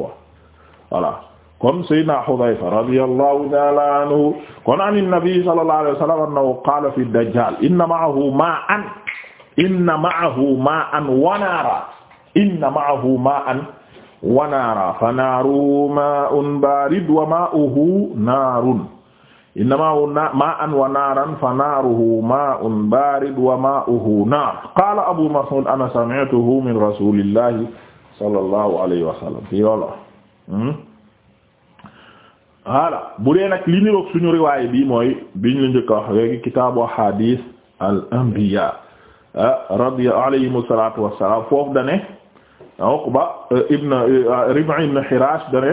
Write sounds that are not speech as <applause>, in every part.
quoi voilà kon sayyidina Hudayfa radiyallahu ta'ala anhu kon an nabi sallallahu alayhi wa sallam annahu qaala fi dajjal inna ma'ahu ma'an inna ma'ahu ma'an wa naara inna ma'ahu ma'an wa naara fa naaruhu maa'un baarid wa maa'uhu naarun inna ma'ahu ma'an wa naaran fa naaruhu maa'un baarid wa maa'uhu naar qaala abu mas'ud ana sami'tuhu min rasulillahi sallallahu alayhi wa sallam fii loolu hmm? voilà bu dee nag li niroog suñu riwaay bi mooy biñ la njëkk a wax léegi kitaabu ahadith al anbiya ah, radiya alayhimu salaatu wassalaam foofu dane Uqba eh, ibn eh, Rib'i ibn Hirash dane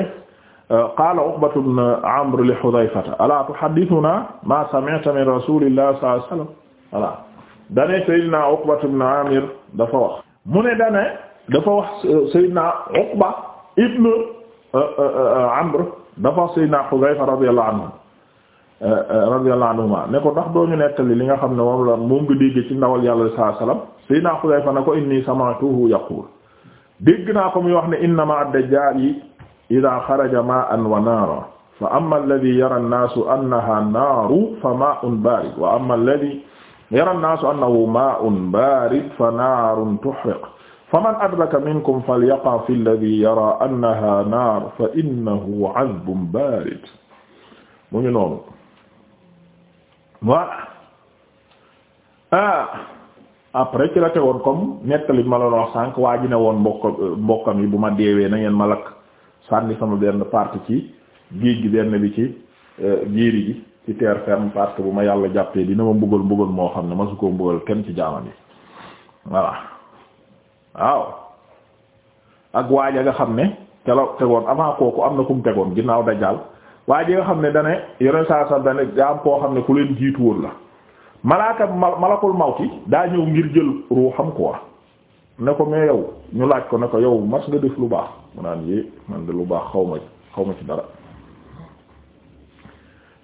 eh, qaala Uqbatu ibn Amr li Hudhayfata alaa tuhaddithunaa maa sami'ta min rasuulillaahi sallallaahu alayhi wa sallam voilà dane Seydina Uqbatu ibn Amir dafa wax mu ne dane dafa wax euh, Seydina Uqba ibn euh, euh, Amr dafa wax Seydina Hudayfa radiyallahu anhu radiyallahu anhuma ne ko ndax doo ñu nettali li nga xam ne moom la moom nga dégg ci ndawal yàlla sallallahu alayhi wasallam Seydina Hudayfa na ko inni samaatuhu yaqul dégg naa ko muy wax ne inna ma'a ad-dajjal idha kharaja ma'an wa naaran fa amma alladhi yara an-naasu annaha naaru fa maa'un baarid wa amma alladhi yara an-naasu annahu maa'un baarid fa naarun tuhriq faman adraka minkum falyaqa fi alladhi yara annaha naar fa innahu azbun barid mu ngi noonu voilà ah après ci la te woon comme nettali ma la wax sànq waa ji ne woon mbokk mbokkam yi bu ma deewee na ngeen ma lakk sànni sama benn partie ci géej gi benn bi ci euh, jéeri gi ci terre ferme parce bu ma yàlla jàppee dina ma buggal buggal moo xam ne ma su ko mbugal kenn ci jaamam yi voilà waaw ak waaja nga xam ne te la tegoon avant kooku am na ku mu tegoon ginnaaw dajaal waaji nga xam ne dane yeneen saa saa dane daa am koo xam ne ku leen jiitu woon la malaaka malakul mawti daa ñëw ngir jël xam ko wax ne ko mais yow ñu laaj ko ne ko yow mas nga def lu baax mu naan lu baax xaw ma xaw ma ci dara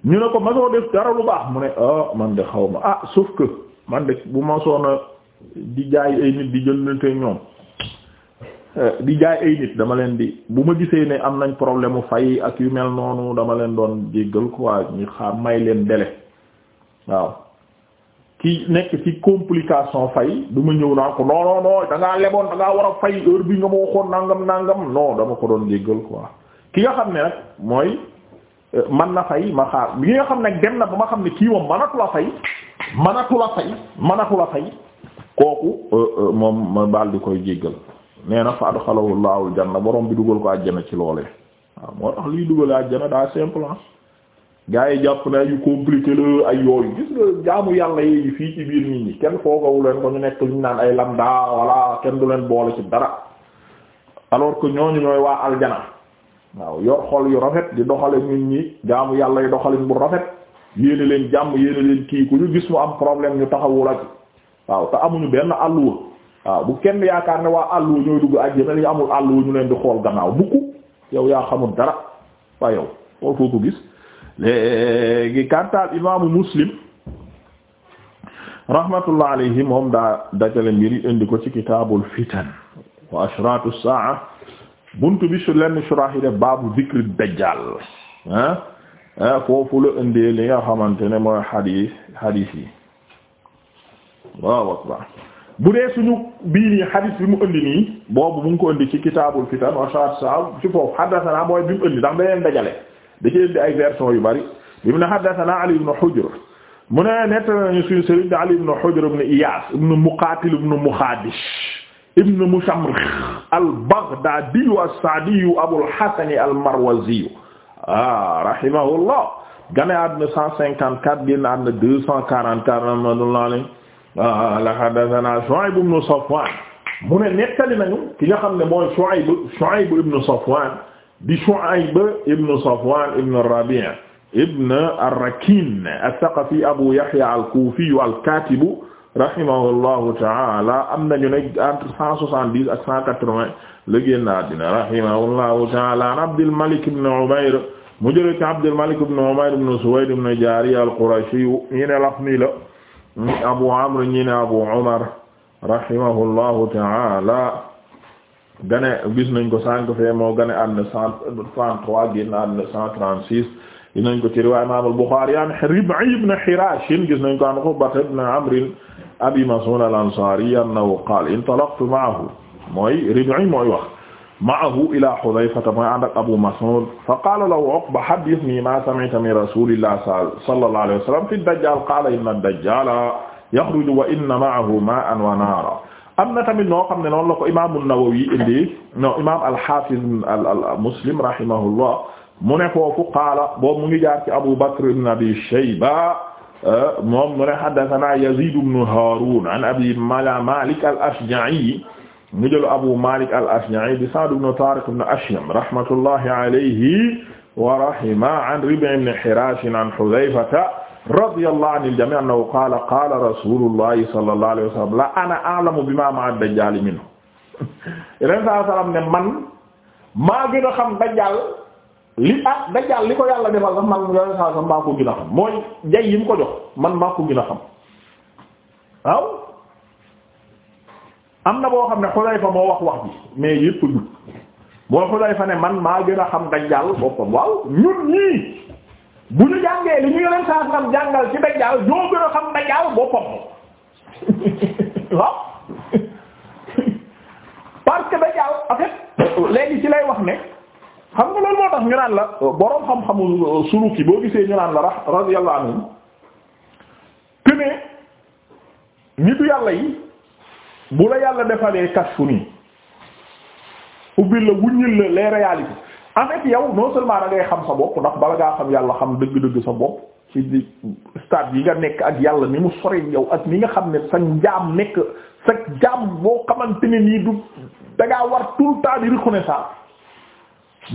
ne ko masoo def dara lu baax mu ne ah man de xaw ma ah sauf que man de bu ma soona di jaay ay nit di jëndante ñoom eh, di jaay ay nit dama leen di bu ma gisee ne am nañ problème mu fay ak yu mel noonu dama leen doon jéggal quoi ñu xaar may leen délai waaw ki nekk ci complication fay du ñëw naa ko non non non leboon da war a fay heure bi nga ma waxoon nangam nangam non dama ko doon jéggal quoi ki nga xam ne nag mooy eh, man na fay ma xaar bi nga xam ne nag dem na ba ma xam ne kii moom manatu la fay manatu la fay. kooku euh, euh, moom ma daal di koy jéggal nee na fa adxalahu llahu aljanna borom bi dugal ko àjjana ci loolee waaw moo tax liy dugale àjjana daa simple ah. gaa yi jàpp na yu compliqué la ay yooyu gis nga jaamu yàlla yi fii ci biir nit ñi kenn foogawu leen ko ñu nekk ñu naan ay lambda walla kenn du leen boole ci dara alors que ñooñu ñooy waa aljana waaw yor xol yu rafet di doxale nit ñi jaamu yàlla yi doxalin bu rafet yéene leen jàmm yéene leen kii ku ñu gis mu am problème ñu taxawul waaw te amuñu benn àlluwa waaw bu kenn yaakaar ne waa àlluwa ñooy dugg àjjana yi amul àlluwa ñu leen di xool gannaaw bukku yow yaa xamul dara waa yow foo foo ko gis léegi kantaal moom daa dajale mbiri indi ko ci kitaabul fitan wa ashratu saa buntu bi su lenn def baabu zikri dajjal ah? ah foofu la indee li nga xamante ne mooy xadiis xadiis yi waaw akbar bu dee suñu bii nii bi mu indi nii boobu mu ngi ko indi ci kitaabul fitan wa shaat saaw ci foofu xaddasanaa mooy bi mu indi ndax dañeen dajale da ci ay version yu bari bi mu ne xaddasanaa Ali ibn Hujr mu ne nett nañu suñu sëriñ di Ali ibn Hujr ibn Iyaas ibn Muqaatil ibn Muxaadish ibn Mushamrix al-Baghdaadiyu as-Saadiyu Abul Hasani al-Marwaziyu ah rahimahullah gane àdduna 154 génn Ah, la haddathana Shu'ayb ibn Safwan mu ne nettali nañu ki nga xam ne mooy Shu'ayb Shu'ayb ibn Safwan di Shu'ayb ibn Safwan ibn Rabi' ibn ar-Rakin ath-Thaqafi Abu Yahya al-Kufi al-Katib rahimahullahu ta'ala am nañu ne entre cent soixante-dix ak cent quatre-vingts la génn àddina rahimahullahu ta'ala an Abdul Malik ibn Umayr mu jëlee ci Abdul Malik ibn Umayr ibn Suwayd ibn Jariya al-Qurashi ñu ne la ñi abu amr ñi ne abu umar rahimahullahu taala gane gis nañ ko sànq fee moo gane àdduna cent trente-trois génn àdduna cent trente-six gis nañ ko ci riwaaya imaam al-Bukhari an Rib'i ibn Hirash gis nañ ko an Uqbata ibn Amr Abi Mas'ud al-Ansari annahu qaala intalaqtu ma'ahu mooy Rib'i mooy wax maahu ila Hudayfata mooy ànd ak Abu Mas'ud fa qaala lahu Uqba haddithni ma sami'ta min rasulillah sallallahu alayhi wa sallam fi dajjal qaala inna ad-dajjala yakhruju wa inna ma'ahu ma'an wa naara am na tamit noo xam ne noonu la ko imaamu Nawawi indi no imaam al-Hafiz al Muslim rahimahullah mu ne foofu qaala boobu mu ngi jaar ci Abu Bakr ibn Abi Shayba eh, moom mu ne haddathana Yazid ibn Harun an Abi Malik al-Ashja'i mu jël Abu Malik al-Ashja'i di Sa'd ibn Tariq ibn Ashyam rahmatullahi alayhi wa rahima an Rib'i ibn Hirash an Hudhayfata radiyallahu anil jami' annahu qala qala rasulullahi sallallahu alayhi wa sallam la ana a'lamu bima ma'a ad-dajjal minhu ren saa salaam ne man maa gën a xam dajjal li ah dajjal li ko yàlla defal sax man ren saa salaam maa ko gën a xam mooy jay yi mu ko jox man maa ko gën a xam waaw. am na boo xam ne Xudayfa moo wax wax ji mais yépp du boo fa ne man maa gën a xam dajjaal boppam waaw ñun ñii bu ñu jàngee li ñu yeneen saa xam jàngal ci dajjaal ñoo gën a xam dajjaal boppam <laughs> waaw <laughs> parce que dajjaal en fait léegi ci lay wax ne xam nga loolu moo tax ñu naan la boroom xam-xamu suluki boo gisee ñu naan la ra- radiyallahu anhu kënee nitu yàlla yi bu la yàlla defalee kashfu nii ubbil la wuññil la les réalités en fait yow non seulement da ngay xam sa bopp ndax bala ngaa xam yàlla xam dëgg-dëgg sa bopp ci yi nga nekk ak yàlla ni mu sori yow ak ni nga xam ne sa njaam nekk sa njaam boo xamante ne nii du da ngaa war tout le temps di reconnaissance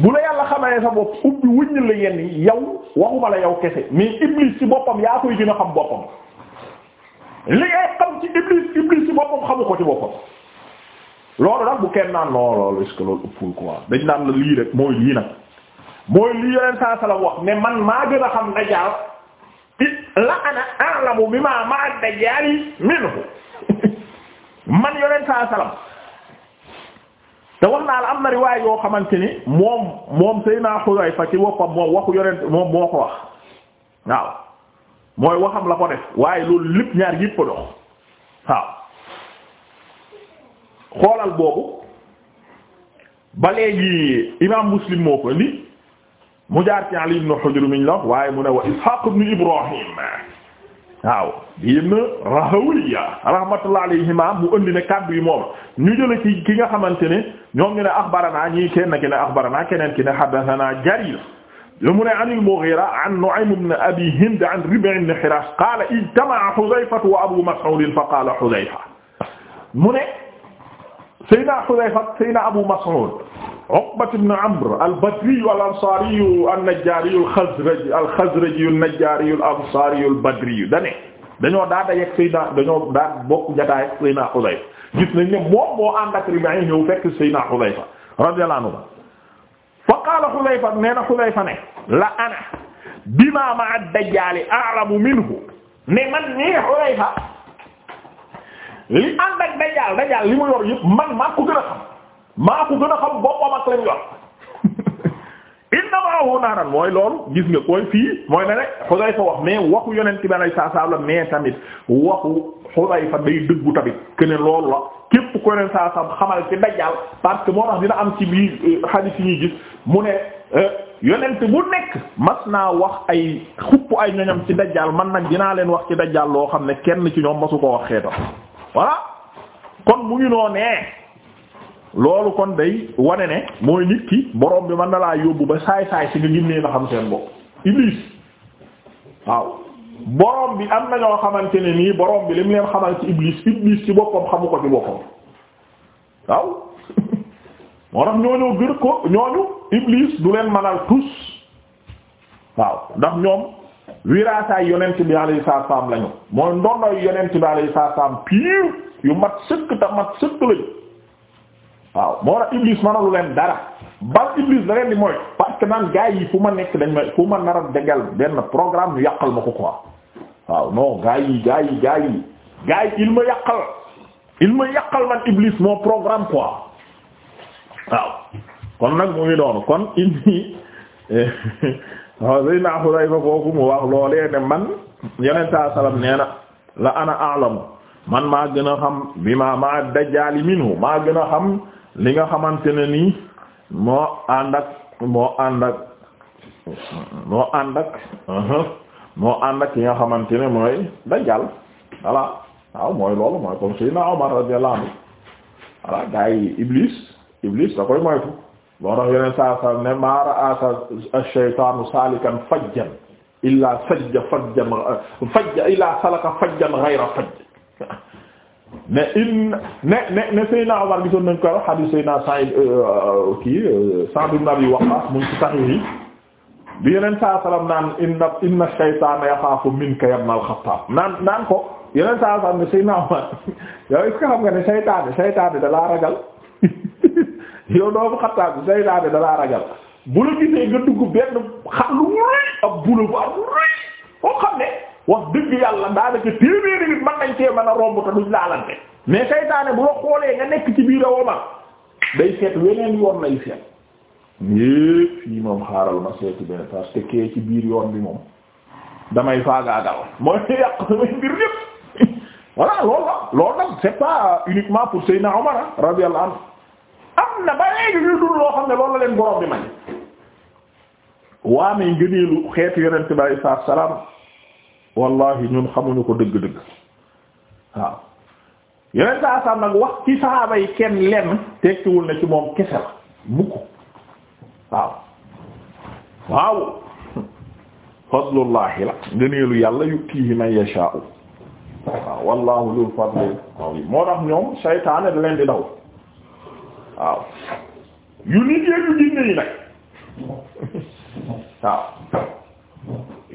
bu la yàlla xamalee sa bopp ubbi wuññil la yenn yow waxuma la yow kese mais iblis ci boppam yaa koy gën a xam boppam. li ngay xam ci iblis iblis ci boppam xamu ko ci boppam loolu nag bu kenn naan non loolu est-ce que loolu ëppul quoi dañ naan la lii rek mooy lii nag mooy lii yeneen wax ne man maa gën a xam dajaal la ana a'lamu bima ma'a dajjali minhu <laughs> man yoneen te wax naa la am na riwaay yoo xamante ni moom moom Seydina Xudayfa ci boppam moom waxu yoneen moom moo ko wax waaw mooy waxam la ko def waaye loolu lépp ñaar yëpp a dox waaw xoolal boobu ba léegi imaam muslim moo ko indi mu jaar ci Ali ibn Hujr miñ la waaye mu ne wa Ishaq ibn Ibrahim waaw ibn Rahawiya rahmatullah alayhima mu indi ne kàddu yi moom ñu jële ci ki nga xamante ne ñoom ñu ne naa ñii kenn ki ne naa keneen ki ne haddathana Jarir yo mu ne an al-Mughira an Nu'aym ibn Abi Hind an Rib'i ibn Hirash qaala ijtama'a Hudhayfa wa Abu Mas'ud fa qaala Hudhayfa mu ne Seydina Hudhayfa Seydina Abu Mas'ud Uqba ibn Amr al-Badri al-Ansari an-Najjari al-Khazraji al-Khazraji an-Najjari al-Ansari al-Badri dane dañoo daa dajeek Seydina dañoo daa bokk jotaay ak Seydina Hudhayfa gis nañ ne moom moo ànd ak Rib'i ñëw fekk Seydina Hudhayfa radiyallahu anhu fa qaala Xudayfa na Xudayfa ne la ana bima ma'a dajjaal a'lamu minhu ne man nii Xudayfa li ànd ak dajjaal dajjaal li mu yor yëpp man maa ko gën a xam maa ko gën a xam boppam ak lañ yor <laughs> inna ma'ahu naaran mooy loolu gis nga koy fii mooy ne rek Xudayfa wax mais waxu yonent bi alayhi salaam la mais tamit waxu Xudayfa day dëggu tamit que loolu la. képp ko yeneen saa sam xamal ci dajjal parce que moo tax dina am ci biir hadith euh, yi ñuy gis mu ne euh, yonent bu nekk mas naa wax ay xupp ay ñoñam ci dajjal man nag dinaa leen wax ci dajjal loo xam ne kenn ci ñoom masu ko wax xeetam voilà kon mu ngi noo loolu kon day wane ne mooy nit ki borom bi mën na laa yóbbu ba saay saay si nga gis na xam seen bopp iblis waaw borom bi am na ñoo xamante ne nii borom bi lim leen xamal ci iblis iblis ci boppam xamu ko ci boppam waaw <laughs> moo tax ñooñu gër ko ñooñu iblis du leen manal tus waaw ndax ñoom wiraasaay yonent bi alayhi salaam lañu mooy ndondoy yonent bi alayhi salaam piir yu mat sëkk te mat sëkk lañu waaw moo tax iblis manalu leen dara bal iblis da leen di mooy parce que naan gaa yi fu ma nekk dañ may fu ma nar a degal benn programme ñu yàqal ma ko quoi waaw non gaa yi gaa yi gaa yi gaa il ma yàqal il ma yàqal man iblis moo programme quoi waaw kon nag mu ngi kon inni <laughs> waaw sëy naa wax loolee ne man yeneen saa salaam na la ana a'lamu man maa gën a xam bi ma maa dajjaali maa gën a xam li nga xamante ne nii moo ànd ak moo ànd ak moo ànd ak uh-huh. moo ànd ak ki nga xamante ne mooy dajjal voilà waaw mooy loolu mooy comme Seydina Omar radiyallahu anhu voilà gaa yi Iblis Iblis da koy moytu loo tax yeneen saa saa ne ma ra'a ash-shaytaanu saalikan fajjan illaa fajja fajjan fajja illaa salaka fajjan ghayra fajj <laughs> ne in ne ne ne Seydina Omar gisoon nañ ko hadiis Seydina Sa'id euh, kii euh, Sa'd ibn Abi Waqqaas mu ngi ci Sahih yi bi yeneen saa salaam naan inna inna shaytaana yaxaafu minka ya ibnal Xattaab naan naan ko yeneen saa salaam ne Seydina Omar yow est-ce xam nga ne seytaane seytaane da laa ragal <laughs> yow doomu Xattaab seytaane da laa ragal bu la gisee nga dugg benn xar rëy ab bula bu am rëy foo xam ne wax dëgg yàlla daanaka téeméeri nit mën nañ cee mën a romb te duñ laalante mais seytaane bu la xoolee nga nekk ci biir a Omar day seet weneen yoon lay seet. yépp fii moom xaaral ma seeti benn parce que ci biir yoon bi moom damay faagaagal mooy <laughs> yàq samay mbir yépp <laughs> voilà loolu la loolu nag c'est pas uniquement pour Seydina Omar ah radiyallahu anhu am na ba léegi ñu dul loo xam ne loolu la leen borom bi may waa may ngëneelu xeetu yonent bi alayhi salaatu salaam wallahi ñun xamuñu ko dëgg-dëgg waaw yonent saa saam nag wax ci saxaaba yi kenn lenn tekkiwul na ci moom kese la mukk waaw waaw fadlullahi la ngëneelu yàlla yuktihi man yasha'u waaw wallahu dul fadli azim moo tax ñoom saytaane da leen di daw waaw yu nit yee yu jinne yi nag waaw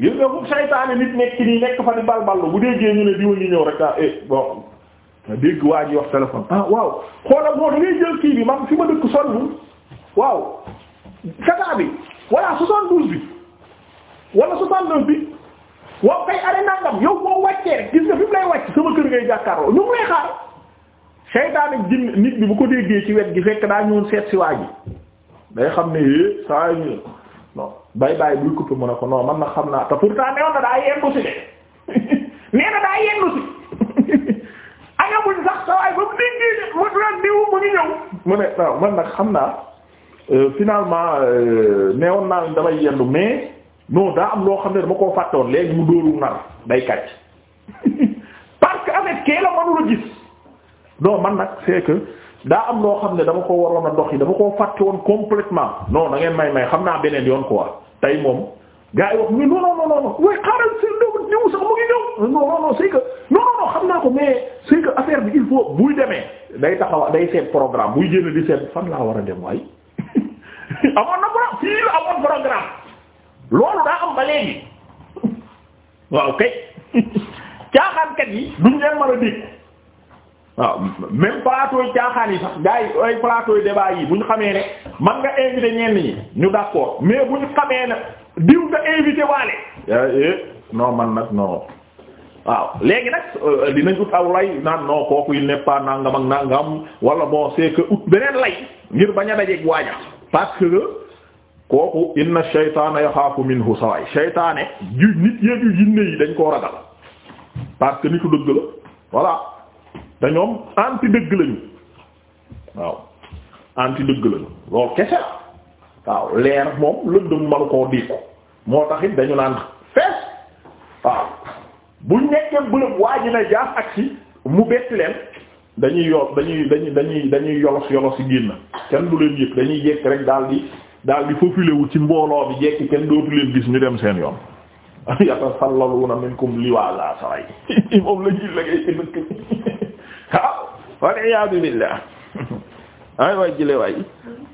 gis nga fu saytaane nit nekk nii nekk fa di balballu bu déggee ñu ne diwa ngi ñëw rek ah eh bon dégg waa ji wax téléphone ah waaw xoolal boo da ngay jël kii bi man fi ma dëkk sollu waaw kasa bi walla soixante-douze bi walla soixante-neuf bi waaw kay are nangam yow boo wàccee rek gis nga fi lay wàcc sama kër ngay jàkkaarloo ñu ngi xaar seytaan ak jinn bu ko déggee ci wet gi fekk seet si waa ji day xam ne é eh, saa ñu non bay bàyyi buy coupé mu ne ko non man na xam naa te pourtant newoon na daa yendu si de <laughs> nee na daa yendu si <laughs> anga muñ sax sa ba mu déggee mu doon mu ngi ñëw mu ne man nag xam naa Euh, finalement euh, neewoon naa leen damay yendu mais non daa am loo xam ne dama koo fàttewoon léegi mu dóoru nar day kàcc <laughs> parce que avec kee la mënula gis non man nag c'est daa am loo xam ne dama ko waroon a dox yi dama koo fàtte woon complètement non da ngeen may may xam naa beneen yoon quoi tey moom gars yi wax ni non non non non way xaaral si d diw sax mu ngi ñëw non non non c'est que non non non xam naa ko mais c'est war a dem amoon na pro fii la amoon programme loolu daa am ba léegi waaw kay caaxaankat yi duñ leen mën a dégg waaw même plateau yi caaxaan yi sax gars yi ay plateau yi débat yi bu ñu xamee ne man nga invité ñenn ñi ñu d'accord mais bu ñu xamee na diw nga invité waale. yaa eh, man nag non waaw léegi nag euh, dinañ ut aw lay naan non kooku il n'est pas nangam ak nangam wala boo c'est que ut beneen lay ngir bañ a dajeeg waaja parce que kooku inna shaytaana yaxaafu minhu sawaay shaytaane ju nit yéeg yu jinne yi dañ koo ragal parce que nitu dëgg la voilà te ñoom anti dëgg lañu waaw anti dëgg lañu loolu kese waaw leer moom lëndëm manu koo diiku moo taxit dañu naan fees waaw bu nekkee bërëb waa na jaaf ak mu bett leen dañuy yo dañuy dañuy dañuy dañuy yolos yolos yi génn kenn du leen yëg dañuy jekk rek daal di daal di faufilé wu ci mbooloo bi jekk kenn dootu leen gis ñu dem seen yoon <laughs> yata sallaluna minkum liwala saray <laughs> moom la ñuy liggéey ci dëkk bi <laughs> waaw wal iyaadu billah ay waay jële waay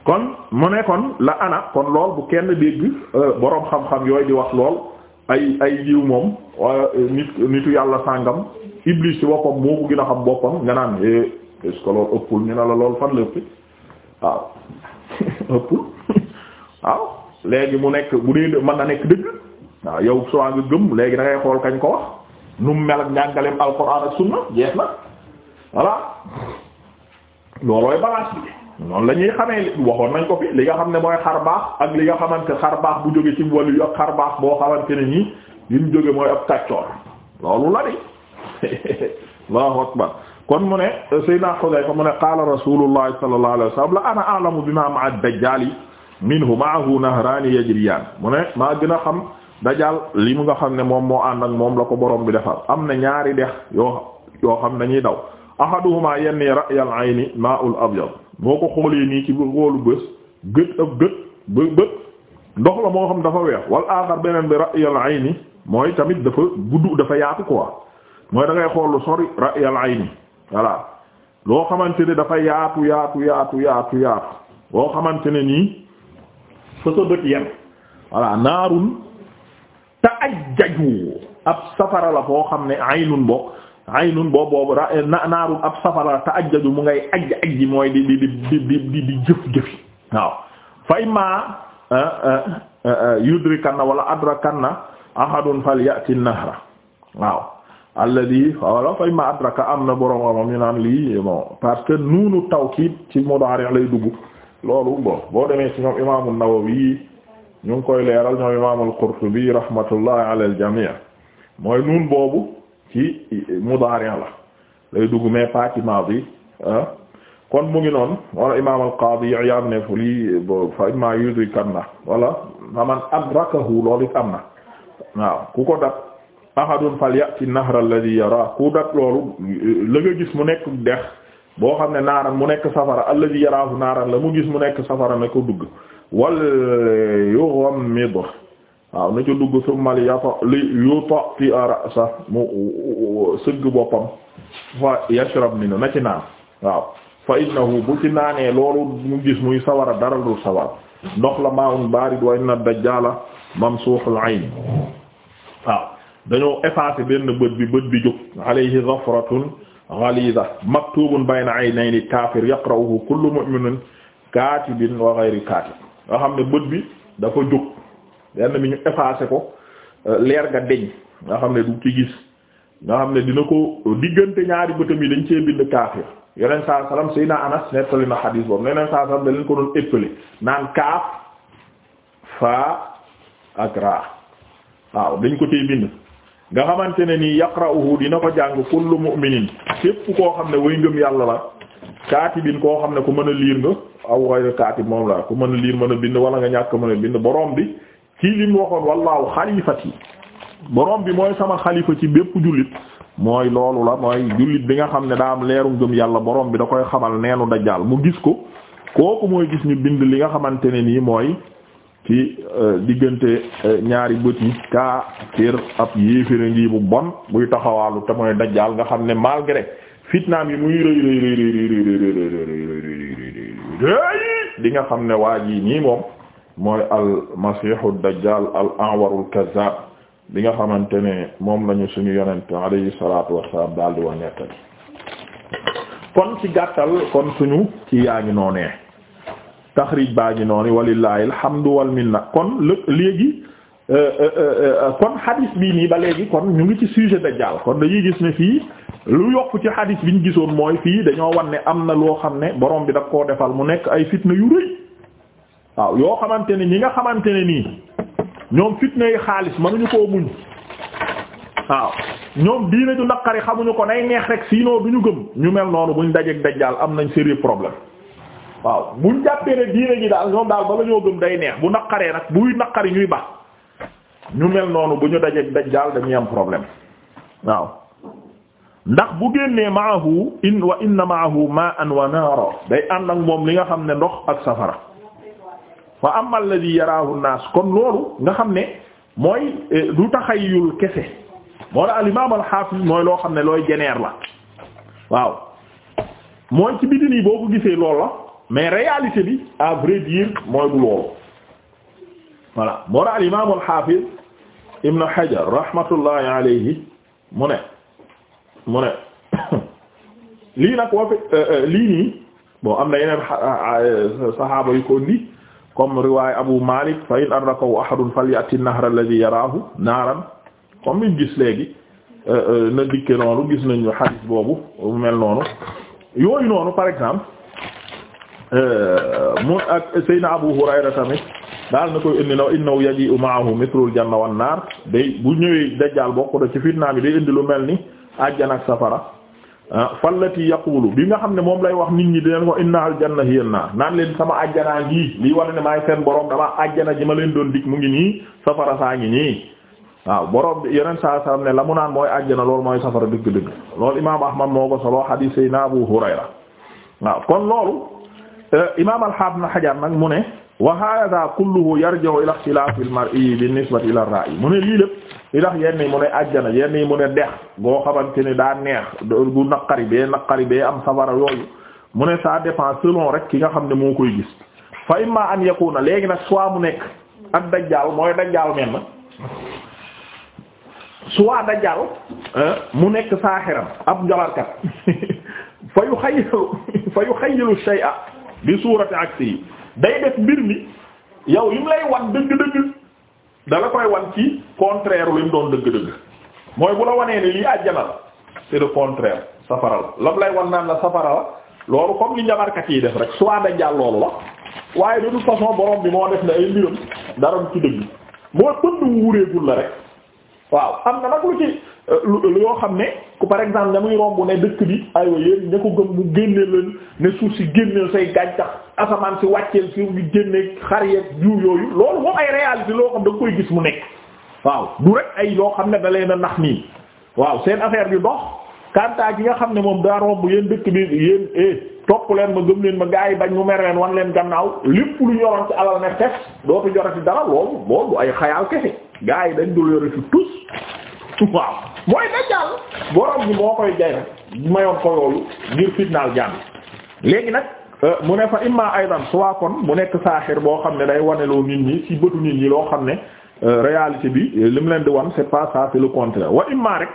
kon mu ne kon la ana kon lool bu kenn dégg euh, boroom xam-xam yooyu di wax lool ay ay jiw moom nit nitu yàlla sàngam Iblis ci boppam moo ko gën a xam boppam nga naan eh est ce loolu ñu ne la lool fan la ëppee waaw <laughs> <laughs> mu nekk bu dee mën na nekk dëgg yow soo nga léegi da ngay kañ ko wax mu mel ak njàngaleem alxuraan ak sunna jeex na voilà loolooy balance bi. noonu la ñuy xamee ko li nga xam ne mooy xar baax ak li nga xamante xar baax bu jóge ci wàllu yu ak baax boo xamante ne nii mooy ab <laughs> Allahu akbar kon mu ne Seydina Xudayfa mu ne qaala rasuulullahi sallallahu alayhi wa sallam la ana a'lamu bimaa ma'a ma dajjaali minhu ma'ahu nahraani ma mu ne gën a xam dajaal li mu nga xam ne moom moo ànd ak moom la ko borom bi defal am na ñaari dex yoo yoo xam dañuy daw ahaduhuma yenni ra'yal ayni maa'ul abyad boo ko xoolee nii ci xoolu bës gët ab gët ba bët ndox la moo xam dafa weex wal aaxar beneen bi ra'yal ayni mooy tamit dafa gudd dafa yaatu quoi mooy da ngay xool lu ra'yal ayni voilà loo xamante ne dafa yaatu yaatu yaatu yaatu yaatu loo xamante ne nii fa sa bët yem voilà naarun ta ab safara la boo xam ne aynun bokk aynun boobu boobu ra naarun ab safara la ta mu ngay ajj ajji mooy di di di di di jëf jëfi waaw fay ma eh, eh, eh, yudrikanna wala adrakanna ahadun fal ya'ti nahra waaw alladi wala fay ma adraka am na borom amam ñu naan lii bon parce que nuunu tawkiid ci mudaari lay dugg loolu bon boo demee ci ñoom imaamu Nawawi ñu ngi koy leeral ñoom imaamul Qurtubi rahmatullah ala al jamii mooy nuun boobu ci mudaari la dugg mais pas ci maadi ah. kon mu ngi noonu wala imaam al qaadi Iyaad ne fu lii fa imma yudrikan na wala faman adrakahu loolu it am na waaw ku ko dab ahadun falyati nahra alladhi yara ku dat loolu la nga gis mu nekk dex boo xam ne naaran mu nekk safara alladhi yaraahu naaran la mu gis mu nekk safara na ko dugg wal yughammid waaw na ca dugg summa li yata li yutati ra'sa sëgg boppam fa yashrab minhu na ci naan waaw fa innahu bu ci naanee loolu mu gis muy sawara dara dul sawara ndox la maa'un baarid wa inna dajjala mamsuhul ayn waaw dañoo effacé benn bët bi bët bi jóg alayhi zafratun ghaliza maktubun bayna aynayni kaafir yaqra'uhu kullu mu'minin kaatibin wa ghayri kaatib nga xam ne bët bi dafa jóg benn bi ñu effacé ko euh, leer ga deñ nga xam ne du ci gis nga xam ne dina ko diggante ñaari bëtam yi dañ cee bind kaafir yeneen saa salaam Seydina Anas nettali na xadiis boobu yeneen saa salaam da leen ko doon éppale naan kaaf faa ak raa waaw dañ ko tey bind nga xamante ne nii yaqra'uhu dina ko jàng kullu mu'minin képp koo xam ne way ngëm yàlla la kaatibin koo xam ne ku mën a liir nga aw ghayra kaatib moom la ku mën a liir mën a bind wala nga ñàkk mën a bind borom bi kii li mu waxoon wallaahu xalifati borom bi mooy sama xalifa ci bépp jullit mooy loolu la mooy jullit bi nga xam ne daa am leeru ngëm yàlla borom bi da koy xamal neenu dajjaal mu gis ko kooku mooy gis ñu bind li nga xamante ne nii mooy ci diggante ñaari bët yi kaa kër ab yéeféra ngi bu bon buy taxawaalu te mooy dajjaal nga xam ne malgré fitnaam yi muy rëy rëy rëy rëy rëy rëy di nga xam ne waa ji nii moom mooy al masihu al anwarul kazzab bi nga xamante ne moom lañu suñu yonent alayhi salatu wassalam daal di wa nettali kon ci gàttal kon suñu ci yaa ngi noonee taxrij baa ngi noonu walillahi alhamdu wal minna kon léegi euh, euh, euh, kon hadith bii nii ba léegi kon ñu ngi ci sujet dajjaal kon dañuy gis ne fii lu yokk ci hadith bi ñu gisoon mooy fii dañoo wan ne am na loo xam ne borom bi daf koo defal mu nekk ay fitna yu rëy waaw yoo xamante ne ñi nga xamante ne nii ñoom fitna yi xaalis mënuñu koo muñ waaw ñoom diine ju naqari xamuñu ko nay neex rek sinon ñu gëm ñu mel noonu buñ dajeek dajjaal am nañ sérieux problème. waaw buñ jàppee ne diine ji daal ñoom daal bala ñoo gëm day neex bu naqaree nag buy naqari ñuy bax ñu mel noonu bu ñu dajeek dajjaal dañuy am problème waaw ndax bu génnee maahu in wa inna maahu ma an wa naara day ànd ak moom li nga xam ne ndox ak safara fa amma alladhi yaraahu an-naas kon loolu nga xam ne mooy eh, du taxayul kese moo la al imaam mooy loo xam ne looy jeneer la waaw mooy ci biti nii boo ko gisee loolu la mais réalité bi à vrai dire mooy du loolu voilà moo daal imaam Ibn Hajar rahmatullahi alayhi mu ne mu ne <coughs> lii nag woo fi euh, euh, lii nii bon am na yeneen euh, saxaaba yu ko indi comme riwaay Abu Malik fa in adrakahu ahadun falyati an-nahra alladhi yaraahu naaran comme niñ gis léegi na dikke noonu gis nañu hadith boobu mel noonu yooyu noonu par exemple mu ak Seydina Abu Hurayra tamit daal na koy indi na innahu yaji'u ma'ahu mithlul janna wan naar day bu ñëwee dajjaal bokk da ci fitna bi day indi lu mel ni àjjana ak safara ah, fallati yaqulu bi nga xam ne moom lay wax nit ñi di leen naa innahal janna hiya naar naan leen sama àjjanaa ngii lii wane ne maay seen borom damaa àjjana ji ma leen doon dig mu ngi nii safara saa ngi nii waaw borom yeneen saa salaam ne la mu naan mooy àjjana loolu mooy safara dëgg-dëgg loolu imaam Ahmad moo ko solo hadith Seydina Abu Hurayra waaw kon loolu Euh, imaam al-Hafiz Ibn Hajar nag mu ne wa haaza kulluhu yarji'u ila ixtilaafi al-mar'i bi nisbati ila ar-ra'yi mu ne lii lépp li tax xamante ne daa neex du naqari bee naqari bee am safara yooyu mu ne ça dépend selon rek ki nga xam ne moo koy gis fa imma an yakuna léegi na soit mu nekk ak dajjaal mooy dajjaal mel na soit dajjaal euh, mu nekk saaxiram ab njabarkat <laughs> fa yuxayyilu fa yuxayyilu shay'a bi suurati aksi yi day def mbir mi yow yu mu lay wan dëgg-dëgg dala koy wan ci contraire li mu doon dëgg-dëgg mooy bu la wanee ni lii àjjana la c'est le contraire safara la lam lay wan naan la safara la loolu comme li njabarkat yi def rek su da jàll loolu la waaye de toute façon borom bi moo def ne ay mbiram dara ci dëgg moo pënd wuureegul la rek waaw am na nag lu ci yoo xam ne ku par exemple damuy romb ne dëkk bi aywa yéen ña ko gëm mu génne leen ne suuf si génneel say gàncax asamaan si wàcceel si ñu génne xar yeeg jiw yooyu loolu moom ay réalité loo xam gis mu waaw du ay loo xam ne da leen a nax nii waaw seen affaire bi dox kanta gi nga xam ne moom daa romb yéen dëkk bi yéen eh topp leen ma gëm leen ma gaa yi bañ mu mer wan leen gannaaw lépp lu ñoroon ci alal ne fes dootu jorati dara loolu loolu ay xayaal kese gaa yi dañ dul yore ci tous waaw mooy dajjaal borom bi moo koy jay nag mayoon ko yooyu ngir fitnaal jàmm léegi nag euh, mu ne fa imma aydan soit kon mu nekk saaxir boo xam ne day waneloo nit ñi ci bëtu nit ñi loo xam ne euh, réalité bi euh, li mu leen di wan c'est pas ça c'est le contraire wa imma rek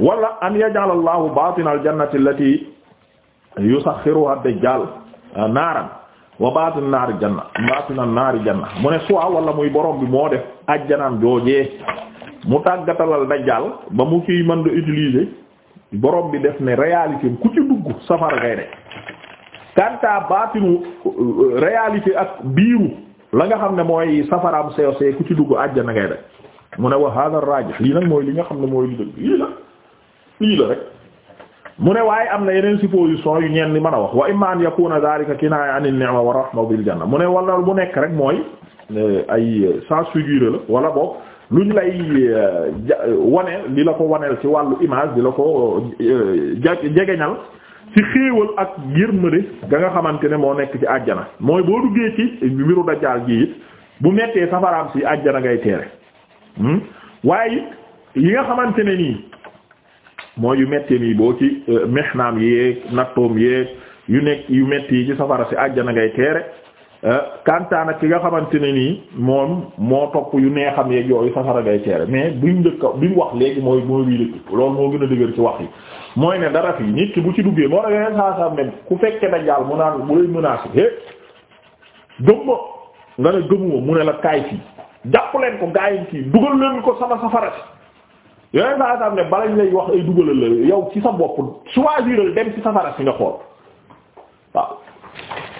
wala an yaj'al allahu baatina aljannati allati yusaxxiruha ad-dajjal naaran wa baatina naari janna baatina naari janna mu ne soit wala muy borom bi moo def ajjanaam joojee mu tàggatalal dajjaal ba mu kiy man da utiliser borom bi def ne réalité ku ci dugg safara ngay ne kanta baatinu euh, réalité ak biiru la nga xam ne mooy safaraam sew see ku ci dugg àjjana ngay def mu ne wa hada rajih lii nag mooy li nga xam ne mooy li dëgg lii la lii la rek mu ne waaye am na yeneen supposition yu ñeen li mën a wax wa imma an yakuna dhalika kinaya an ni'ma wa rahma bil janna mu ne wala mu nekk rek mooy euh, ay euh, sens figuré la wala boog lu ñu lay euh, waneel di la ko waneel ci wàllu image di la ko euh, jegeñal ci xéewal ak yërmande ga nga xamante ne moo nekk ci àjjana mooy boo duggee ci mbiru dajaal gi it bu mettee safaraam si àjjana ngay teere hmm? waaye yi nga xamante ne nii mooy yu metti nii boo ci euh, mexnaam yéeg nattoom yéeg yu nekk yu metti yi ci safara si àjjana ngay teere Euh, kantaan ak ki nga xamante ne nii moom moo topp yu neexam yeeg yooyu safara ngay teere mais buñ njëkk buñ wax léegi mooy mooy luy dëkk loolu moo gën a dëgër ci wax yi mooy ne dara fii nit ki bu ci duggee moo tax yeneen saa saa même mu naan bu lay menacé hé gëm nga ne gëmuwa mu ne la kaay fii jàpp leen ko gaayin kii dugal leen ko sama safara si yeneen saa saa ne balañ lay wax ay dugalal la yow ci sa bopp choisiral dem ci safara si nga xool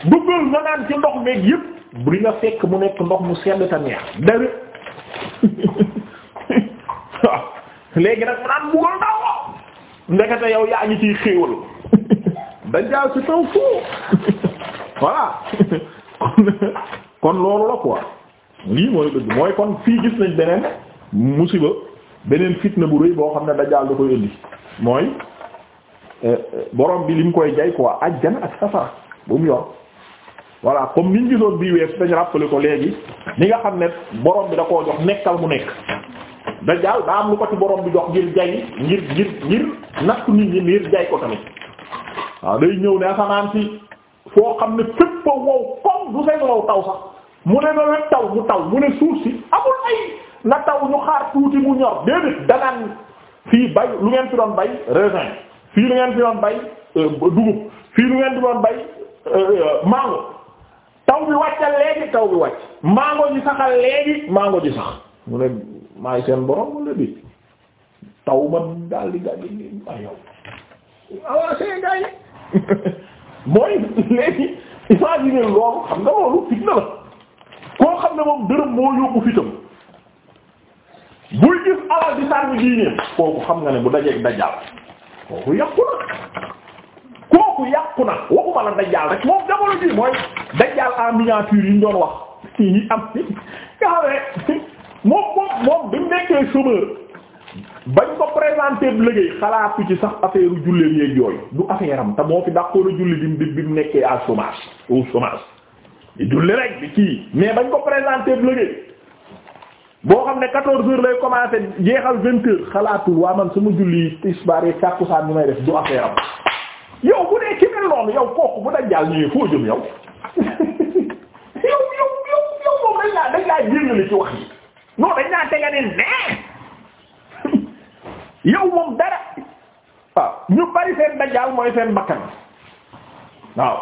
duggal nga naan ci ndox meeg yëpp bu nga fekk mu nekk ndox mu sedd ta neex dara <laughs> waaw léegi nag mu naan buggal ndaw ko ndekete yow yaa ngi ciy xéewal <laughs> dajaa si taw foo voilà <laughs> kon loolu la quoi lii mooy dëgg mooy kon fii gis nañ beneen musiba beneen fitna bu rëy boo xam ne dajaal da koy indi mooy eh, eh, borom bi li mu koy jay quoi ajjana ak safara bu mu yor voilà comme niñ gisoon bii weesu dañu rappelé ko léegi ni nga xam ne borom bi da koo jox nekkal mu nekk Dajjal daa am lu ko ci borom bi jox ngir jay ngir ngir ngir nattu nit ñi ngir jay ko tamit waaw day ñëw ne asamaan foo xam ne fépp a wow comme du seen wow taw sax mu ne na taw mu taw mu ne suuf si amul ay na taw ñu xaar tuuti mu ñor déedéet danaan fii bay lu ngeen fi doon bay raisin fii lu ngeen fi doon bay euh, dugub fii lu ngeen fi doon bay euh, euh, mango taw bi wàccal léegi taw bi wàcc mango ji saxal léegi mango ji sax mu ne maay seen borom mu ne taw ma daal di gàll ma ah, yow avancé ah, gaay <laughs> mooy léegi imaginer loolu xam nga loolu fitna la koo xam ne moom dërëm moo yóbbu fitam buy gis alal di sànni diineem kooku xam nga ne bu dajeeg dajal kooku yàqu na kooku yàqu na waxuma la dajjaal rek moom jamono ji mooy dajjaal en miniature yi ñu doon wax yi am ni nga xam ne moom moom bi mu nekkee chômeur bañ ko présenter bu xalaatu ci sax affaire julleen yeeg yooyu du affaire am te moo fi dàqoon a julli bi bi mu nekkee à chômage au chômage julli rek bi kii mais bañ ko présenter bu boo xam ne quatorze heures lay commencer jeexal vingt heures xalaatul waa man sama julli tisbaar yi tàkkusaan bi may def du affaire yow bu dee ci mel noonu yow kooku bu dajjaal ñëwee foo jëm yow <laughs> yow yow yow moom dañ laa dañ laa jéngali ci wax yi non dañ laa tegane nee <laughs> yow moom dara waaw ñu bari seen dajjaal mooy seen bakkan waaw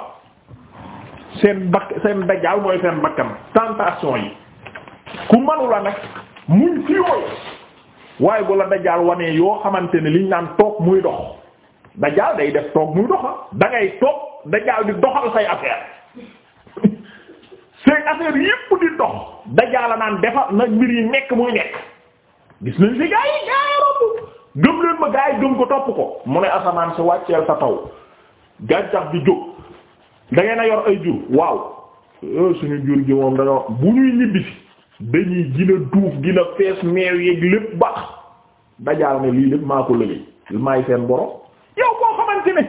seen bakk seen dajjaal mooy seen bakkan tentation yi ku manula nag muñ fi yooyu waaye bu la dajjaal wanee yoo xamante ne liñ naan toog muy dox dajjaal day def toog muy doxal da ngay toog dajjaal di doxal say affaire say affaire yépp di dox dajjaal la naan defar na mbir yi nekk muy nekk gis nañ si gaa yi gaa yi romb gëm leen ma gaa yi gëm ko topp ko mu ne asamaan si wàcceel sa taw gàncax bi jóg da ngeen a yor ay jur waaw suñu jur gi moom dañoo bu ñuy ñibbi dañuy gën a duuf fees meew yeeg lépp dajaal ne lii lépp maa ko lëgëy maay seen borom xamante ne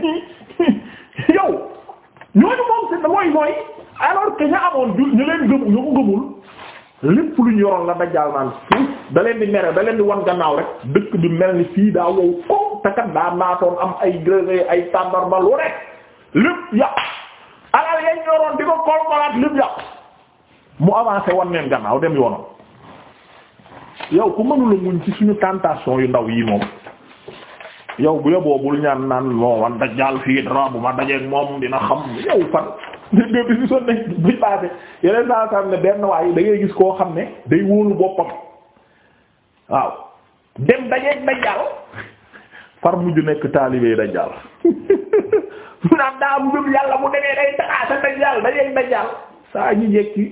<laughs> yow ñooñu moom si mooy mooy alors que ña amoon ñu leen gëm ñu ko gëmul lépp lu yoroon la dajjaal naan fii da leen di mere da di wan gannaaw rek dëkk bi mel ni fii daa wow ko takat daa naatoon am ay gré ay tàndarma lu rek lépp yàqu alal yañ yoroon di ko kolkolaat lépp yàqu mu avancé wan leen gannaaw dem yoonam yow ku mënula muñ ci suñu tentation yu ndaw yi moom yow bu yeboo bul ñaan naan moo wan dajjaal fii dara bu ma dajeeg moom dina xam yow fan dégg di gisoon nañ buñ passé yeneen saa saa ne benn waaye dangay gis koo xam ne day wóolu boppam waaw dem dajeeg dajjaal far mujj nekk taalibee dajjaal <laughs> mu naan daa am gëm yàlla mu demee day taxaasa dajjaal dajeeg dajjaal saa ñu jekki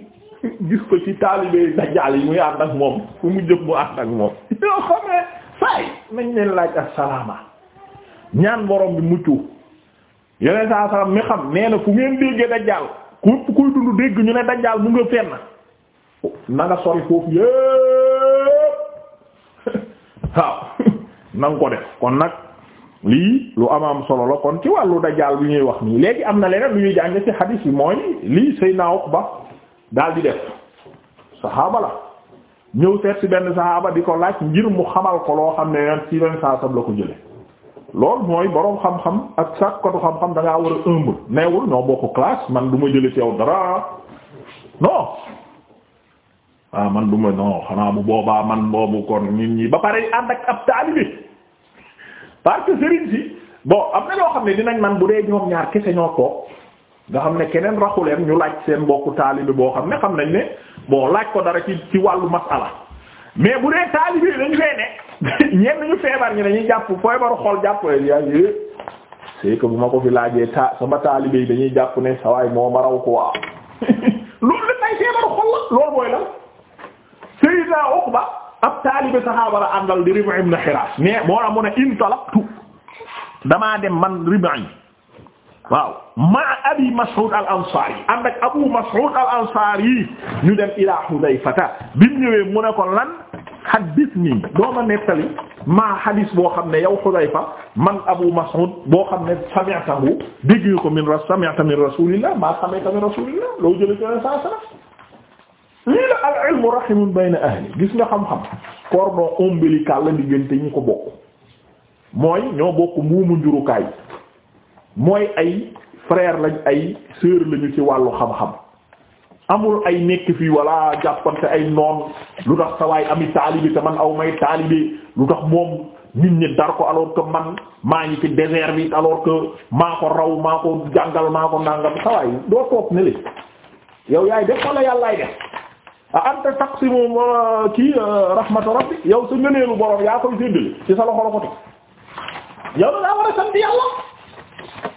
gis ko ci taalibee dajjaal yi muy ànd ak moom fu mu jëm mu ànd ak moom <laughs> yoo xamee saay nañ leen laaj assalaama ñaan borom bi muccu yeneen saa salaam mi xam nee na fu ngeen déggee dajjaal ku kuy dund dégg ñu ne dajjaal mu nga fenn na nga sori foofu yépp <laughs> waaw <laughs> na ko def kon nag lii lu am solo la kon ci wàllu dajjaal bi ñuy wax nii léegi am na leneen lu ñuy jàng ci xadiis yi mooy lii Seydina Uqba daal di def saxaaba la ñëw seet ci benn saxaaba di ko laaj ngir mu xamal ko loo xam ne yoon ci leen saa la ko jële loolu mooy boroom xam-xam ak sàkkatu xam-xam da war a humble neewul ñoo bokk classe man du ma jëlee ci dara non ah man du ma non xanaa bu boobaa man boobu kon nit ñi ba pare ànd ak ab taalibe parce que si bon am na ñoo xam ne dinañ man bu dee ñoom ñaar kese ñoo toog nga xam ne keneen raxu leen ñu laaj seen mbokku taalibe boo xam ne xam nañ ne bon laaj ko dara ci ci wàllu masala mais bu dee taalibe dañ fee <laughs> ñenn ñu feebar ñi dañuy jàpp feebaru xol jàpp yaa yé c'est que bu ma ko fi laajee ta sama taalibe yi dañuy jàpp ne sawaay moo ma raw ko waaw <laughs> loolu la nay feebaru xol la loolu mooy la Sayyidina Uqba ab taalibe saxaaba la àndal di Rib'i ibn Hiraas mais moo la mu ne intalaqtu damaa dem man Rib'i waaw ma abi Mas'ud al-Ansari ànd Abu Mas'ud al-Ansari ñu dem ila Hudayfata bi mu ñëwee mu ne ko lan xaddis nii dooma nettali maa xadis boo xam ne yow Xudayfa man Abu Mas'ud boo xam ne sami'tahu dégg ko min ra sami'ta min rasulillah maa sami'ta min rasulillah loo jëlee ci leen saa sara lii la al ilmu rahimun bayna ahli gis nga xam-xam cordon ombilical la diggante ñu ko bokk mooy ñoo bokk muumu njurukaay mooy ay frère lañ ay sœur lañu ci wàllu xam-xam amul ay nekk fii walla jàppante ay noon lu tax sa ami taalibi te man aw may taalibi lu tax moom nit ñi dar ko alors que man maa ngi ci désert bi alors que maa ko raw maa ko jàngal maa ko nàngam sa doo toog ne li yaay def wala yàllaay def a anta taqsimu kii euh, rahmatu rabbi sa ngëneelu borom yaa koy séddale ci sa ko teg yow da ngaa war a sant yàlla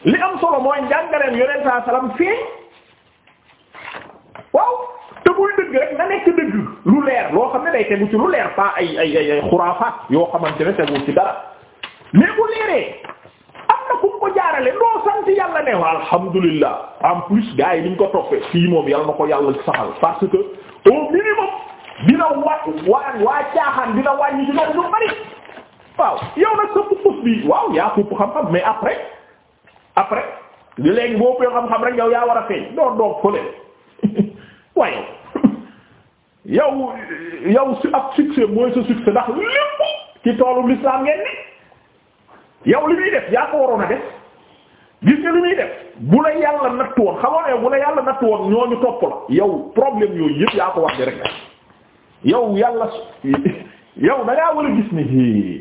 li am solo mooy njàngaleen yoneen saa salaam fii waaw te dëgg rek na nekk dëgg lu leer loo xam ne day tegu ci lu leer pas ay ay ay xuraafaat yoo xamante ne tegu ci dara mais bu leeree am na ku ko jaarale loo sant yàlla ne wa alhamdulillah en plus gars yi liñ ko toppee fii moom yàlla na ko yàlla saxal parce que au minimum dina wa waa waa caaxaan dina wàññi dina lu bari waaw yow nag sa waaw yaa ko xam-xam mais après après léegi boo ko xam-xam rek yow yaa war a feeñ doo doog fële. <laughs> waaye yow yow si ak succès mooy sa succès ndax lépp ci toolu l'islam ngeen ni yow li muy def yaa ko waroon a def gis nga li muy def bu la yàlla nattu woon xamoon yow bu la yàlla nattu woon ñooñu topp la yow problème yooyu yëpp yaa ko wax di rek yow yàlla yow da ngaa war a gis ni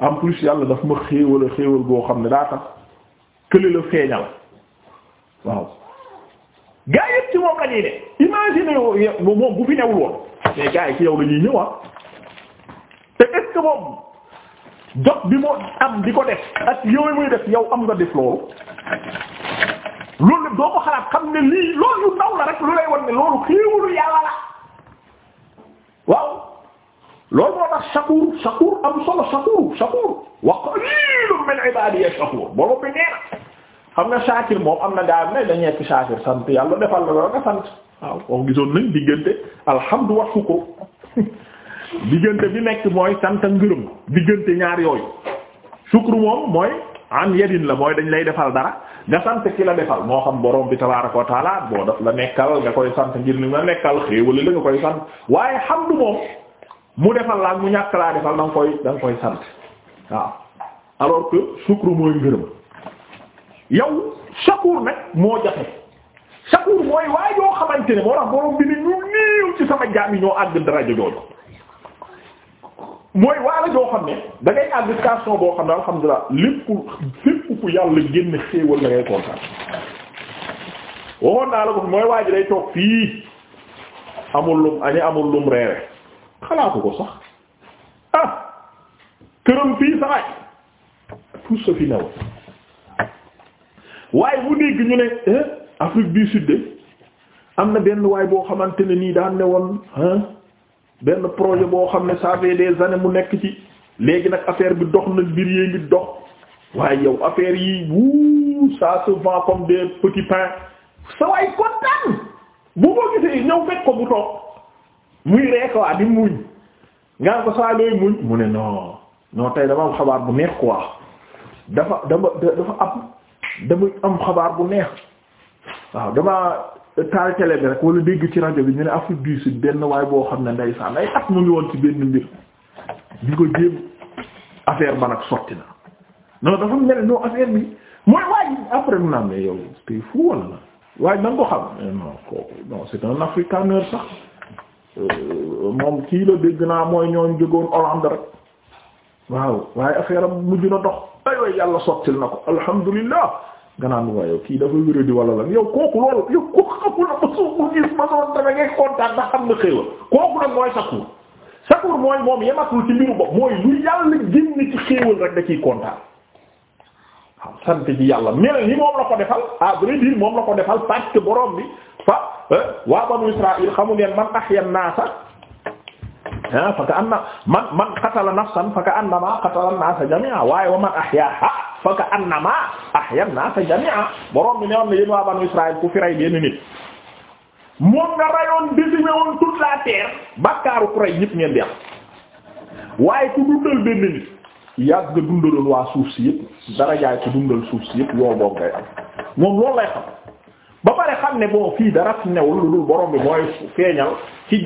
en plus yàlla daf ma xéewal a xéewal boo xam ne daa tax kële la feeñal waaw gaa yëpp ci moom la imagine yow moom bu fi newul woon mais gaa yi ci yow la ñuy ñëw ah te est-ce moom jot bi moo am di ko def ak yooyu muy def yow am nga def loolu loolu doo ko xalaat xam ne lii loolu ndaw la rek lu lay won ne loolu xéewalu yàlla la waaw loolu moo tax shakuur shakuur am solo shakuur shakuur wa qaliilun min ibaadiya shakuur boobu bi neena xam nga Shakir moom am na gaa ne dañu nekk Shakir sant yàlla defal la nga sant waaw kon gisoon nañ diggante alhamdu wa shukr diggante bi nekk mooy sant ak ngërëm diggante ñaar yooyu shukr moom mooy an yadin la mooy dañ lay defal dara nga sant ki la defal moo xam borom bi tabaaraka wa taala boo daf la nekkal nga koy sant ngir ni ma nekkal xéewal la nga koy sant waaye hamdu moom mu defal laa mu ñàkk laa defal da koy da koy sant waaw yow shakur nag moo jafe shakur mooy waaye yoo xamante moo tax borom bi ni ñu néew ci sama jaam yi ñoo àgg daraja jooju mooy waala joo xam ne da ngay àgg station boo xam ne alhamdulilah lépp lépp ku yàlla génn xéewal da ngay kontaan naa la ko mooy waa ji toog fii amul lum añi amul lum reere xalaatu ko sax ah këram fii saxaay tout ce fi new waaye mu dégg ñu ne Afrique du Sud am na benn waay boo xamante ne nii daan ne woon benn projet boo xam ne ça fait des années mu nekk ci léegi nag affaire bi dox na mbir yee ngi dox waaye yow affaire yi wuu ça se vend comme des petits pains sa waay kontaan bu ko gisee ñëw fekk ko bu toog muy rekk waa ah, di muñ ngaan ko saa looy muñ mu ne non non tey dama am xabaar bu neex quoi dafa dafa dafa am. dama am xabaar bu neex waaw damaa taal télé rek wala dégg ci rajo bi ñu ne Afrique du Sud benn waay boo xam ne ndeysaan ay at mu ngi woon ci benn mbir di ko jéem affaire ba nag sotti na non dafa mel non affaire bi mooy waay après mu eh, euh, kii naa mooy ñooñ jógoon Hollande rek waaw waaye affaire am mujj na dox aywa yàlla sottil na ko alhamdulillah ganaan mu waaye kii dafa wéra di wala lan yow kooku loolu yow kooku xamul ma suuf bu ma doon dama ngay kontaan ndax xam nga xéewal kooku nag mooy sakuur sakuur mooy moom yematul lu yàlla génn ci xéewal rek da ciy kontaan waaw sant ci yàlla mel ni moom la ko defal à vrai dire moom la ko defal parce boroom borom bi fa eh, waa banu Israël xamu ngeen man ahya naasa ah fa ka anna man man qatala nafsan fa ka annama qatala an-naasa jamii'a waaye wa man ahyaaha fa ka annama ahya an-naasa jamii'a borom bi ne woon ne yéen waa banu Israël ku fi rey benn nit. moom nga rayoon décimé woon toute la terre ku rey ñëpp ngeen di waaye ku dundal benn nit yàgg dundaloon waa suuf si yëpp dara ku dundal suuf si yëpp yoo boog ngay am moom loolu lay xam. ba pare xam ne bon fii dara newul lu dul borom bi mooy feeñal ci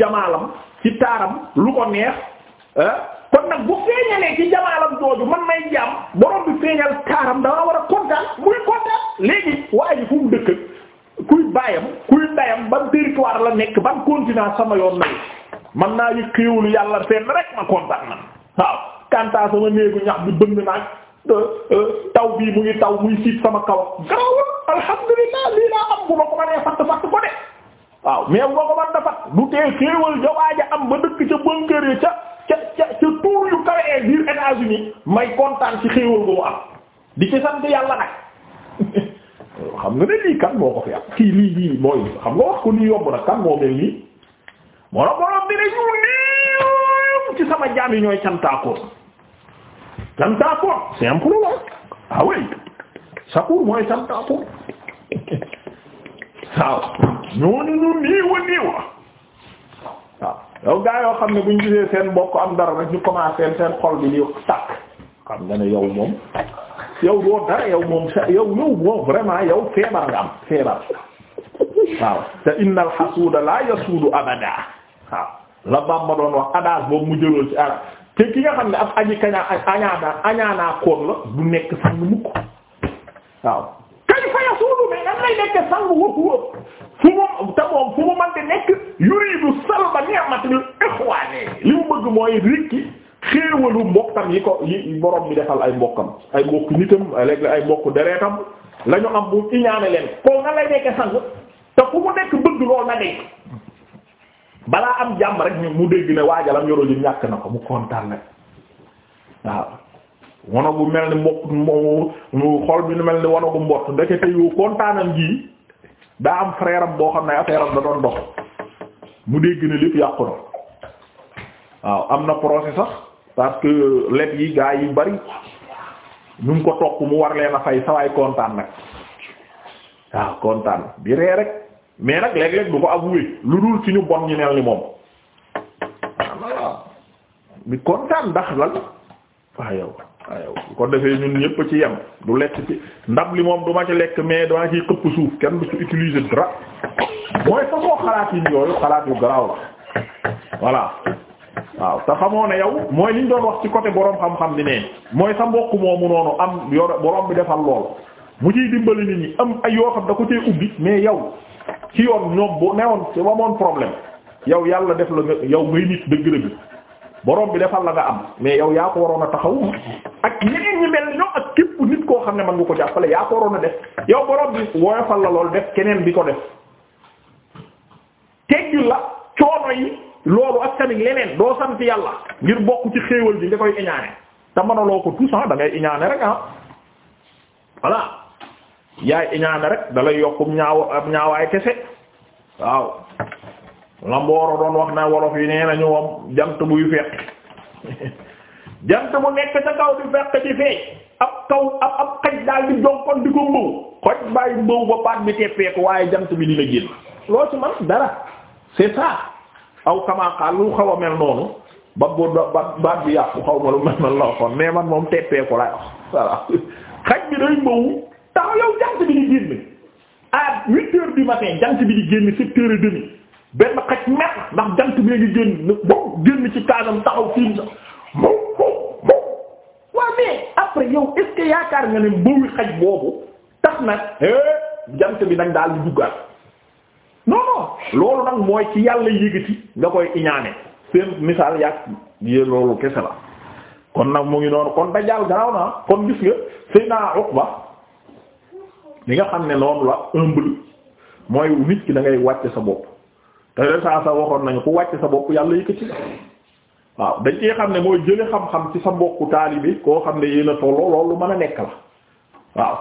ci taaram lu ko neex ah. kon nag bu feeñalee ci jamaalam jooju man may jaam borom bi feeñal taaram dama war a kontaan muy kontaan léegi waa ji fu mu dëkk kuy baayam kuy ndayam ban territoire la nekk ban continent sama yoon nañu man naa yëg xéewalu yàlla seen rek ma kontaan man waaw kantaa sama néegu ñax bi bënn naag euh, euh, taw bii mu ngi taw muy siit sama kaw garawul alhamdulillah lii laa am bu ma ko ma nee fatt fatt ko de waaw mais boo ko mën tee xéewal ja waaja am ba dëkk ca bunker ya ca ca tuur yu kawee biir états may kontaan ci xéewal boo am di ci sant yàlla nag <laughs> xam nga ne lii kan moo ko fi am kii lii lii mooy xam nga wax ko nii yomb nag kan moo mel nii moo la borom bi ne ñu ci sama jaam yi ñooy cantaakoon cantaakoon simple la ah oui sakuur mooy cantaakoon <laughs> waaw ñooñu ñu néew a waaw yow gaa yoo xam ne bu ñu gisee seen bokk am dara rek ñu commencé seen xol bi di tàkk xam nga ne yow moom yow doo dara yow moom sa yow yow moom vraiment yow feebar nga am feebar waaw te innal xasuuda laa yasuudu abada waaw la Bamba doon wax adage boobu mu jëloon ci ara te ki nga xam ne ab aji kañaa añaana añaanaa koon la du nekk sang mukk waaw day nekk sangu wëpp fu mu te moom fu mu man di nekk yuridu salba ni'matil ikhwani li mu bëgg mooy rikki xéewalu mbokkam yi ko yi borom bi defal ay mbokkam ay mbokk nitam léeg-léeg ay mbokk deretam la am bu iñaane leen koo nga lay nekk sangu te fu mu nekk bëgg lool na nekk balaa am jàmm rek mu dégg ne waajalam yoroo ji ñàkk na ko mu kontaan nag waaw wanagu mel ni mbokk xol bi nu mel ni wanagu mbott ndekete yoo kontaanam gi daa am frère am boo xam ne affaire am da dox mu dégg ne lépp yàqu na waaw am na procès sax parce que yi gaa yi bari ñu ko topp mu war leen a fay sawaay kontaan nag waaw kontaan bi ree rek mais nag léeg-léeg du ko avoué lu dul ci ñu bon ñu mel ni moom mi kontaan ndax lan waaw yow waaye bu ko defee ñun ñëpp ci yem du lekk ci ndab li moom du ma ci lekk mais dama ciy xëpp suuf kenn du ci utiliser dara mooy façon xalaat yi yooyu xalaat yu garaaw la voilà waaw te xamoo ne yow mooy liñ doon wax ci côté boroom xam-xam bi ne mooy sa mbokk moomu noonu am yor borom bi defal lool mu ciy dimbali nit ñi am ay yoo xam da ko cee ubbi mais yow ci yoon ñoom bu newoon ci wamoon problème yow yàlla def la nga yow ngay nit dëgg-dëgg borom bi defal la am mais yow yaa ko waroon a taxaw ak ñeneen ñi mel ñoo ak képp nit koo xam ne man nga ko jàppale yaa ko waroon a def yow borom bi woyofal la lool def keneen bi ko def teggil la coono yi loolu ak tamit leneen doo sant yàlla ngir bokk ci xéewal bi nga koy iñaane te manaloo ko tout ça da iñaane rek ah voilà yaay iñaane rek dalay yokkum ñaaw ab ñaawaay kese waaw la doon wax na wolof yi nee nañu jant buy fekk <laughs> jant mu nekk ca kaw di fekk ci feeñ ab kaw ab ab xaj daal di jonkon di ko mbëw xoj bàyyi mbëw ba waaye jant bi dina génn loo ci man dara lu xaw a mel noonu ba bu ba baat bi yàqu xaw ma lu mel noonu mais man moom teppeeku lay wax voilà xaj bi day mbëw tax jant bi di génn à huit heures matin jant bi di génn sept heures et benn xaj mer ndax jant bi ngi génn ba génn ci kaasam taxaw fii sax waaw mais après yow est yaakaar nga ne mbawi xaj boobu tax nag jant bi nag daal di duggaat non loolu nag mooy ci yàlla yëgati nga koy iñaane seen misaal yàgg yee loolu kese la kon nag mu ngi noonu kon dajaal garaw naa kon gis nga Seydina Uqba li nga xam ne noonu la humble mooy nit ki da ngay wàcce sa bopp te leen sa waxoon nañu ku wàcc sa bopp yàlla yëkkati waaw dañ ci xam ne mooy jële xam-xam ci sa mbokku taalibi koo xam ne yéen a tolloo loolu mën a nekk la waaw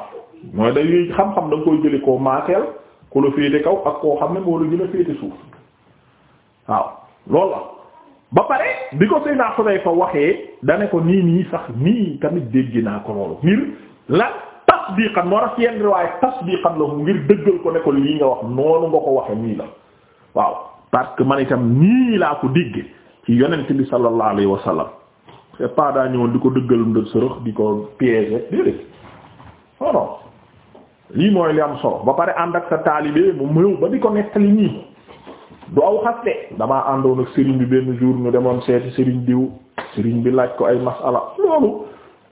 mooy dañuy xam-xam da koy jële koo maaseel ku la féete kaw ak koo xam ne moo la gën a féete suuf waaw loolu la ba pare bi ko Seydina Xudayfa waxee dane ko nii sax nii tamit dégg naa ko loolu ngir la tasdiqan moo tax yenn riwaaya tasdiqan la mu ngir dëggal ko ne ko lii nga wax noonu nga ko waxe nii la waaw parce que man itam nii laa ko déggee ci yonent bi sallallahu alayhi wa sallam daa ñëwoon di ko dëggal ndët sërëx di ko piéger déedéet non non lii mooy li am solo ba pare ànd ak sa taalibe mu mëw ba di ko nettali nii du aw xaste damaa àndoon ak sëriñ bi benn jour ñu demoon seeti sëriñ diw sëriñ bi laaj ko ay masala loolu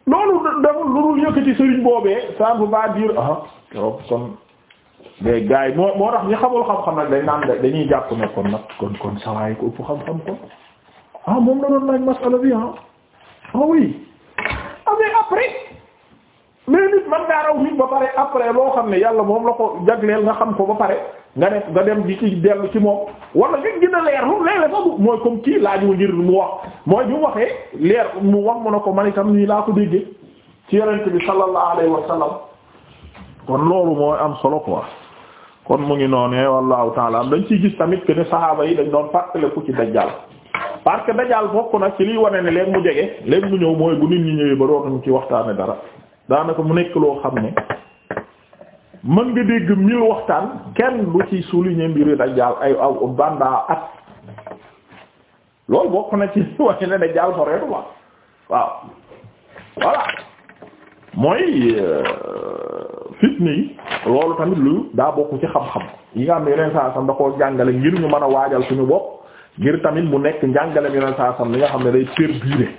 loolu dafa lu dul yëkkati sëriñ boobee ça veut pas dire ah trop kon mais gars yi moo moo tax ñi xamul xam-xam nag dañ naan dañuy jàpp ne kon nag kon kon sawaay ah moom la doon laaj masala bi ah ah oui ah, mais après mais man ngaa raw nit ba pare après loo xam ne yàlla moom la ko jagleel nga xam ko ba pare nga ne nga dem di ci dellu ci moom wala nga gën a leer lu leer mooy comme kii laaj wu ngir mu wax mooy bi mu waxee leer mu wax mu ne ko man itam nii laa ko déggee ci yonent bi sallallahu alayhi wa sallam kon loolu mooy am solo quoi kon mu ngi noonee wallahu taala dañ ciy gis tamit que ne saxaaba yi dañ doon fàttaliku ci dajjal parce que dajaal bokk na ci liy wane ne léegi mu jege léegi mu ñëw mooy bu nit ñi ñëwee ba dootuñ ci waxtaane dara daanaka mu nekk loo xam ne mën nga dégg mil waxtaan kenn du ci souligner mbiri dajaal ay aw banda at loolu bokk na ci liy <laughs> wane ne dajaal soreetu la waaw voilà mooy euh, fitne yi loolu tamit lu daa bokk ci xam-xam yi nga xam yeneen saa sam da koo jàngale ngir ñu mën a waajal suñu bopp ngir tamit mu nekk njàngaleem yeneen saa sam li nga xam ne day perdurer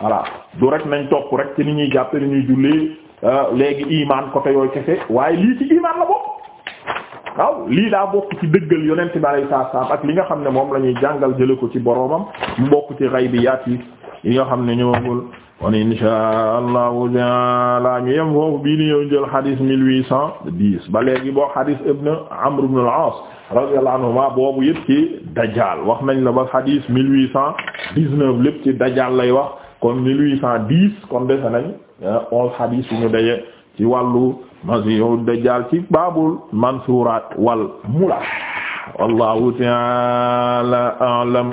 voilà du rek nañ topp rek ci ni ñuy jàppe ni ñuy jullee euh, léegi imaan côté yooyu kese waaye lii ci imaan la bokk waaw lii daa bokk ci dëggal yonent bi alayhi salaam ak li nga xam ne moom la ñuy jàngal jële ko ci boroomam mu bokk ci ghaybiyaat yi yi nga xam ne ñëwagul kon insha allahu taala ñu yem foofu bii ni ñëw jël xadis mille huit cent ba léegi boo xadis ibn Amr ibn al-As radiyallahu anhuma boobu yëpp ci wax nañ la ba xadis mille huit cent dix-neuf ci dajjal lay wax kon mille huit cent dix kon dese nañ eh, onze xadis yu daje ci wàllu masihu dajjal ci baabul mansuuraat wal mulah wallahu taala a'lam